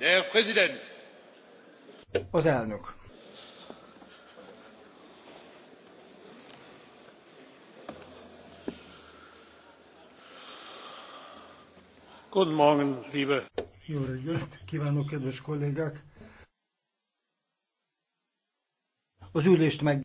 Der Präsident. Az elnök. Guten Morgen, liebe. Jó reggelt, kívánok, kedves kollégák! Az ülést meg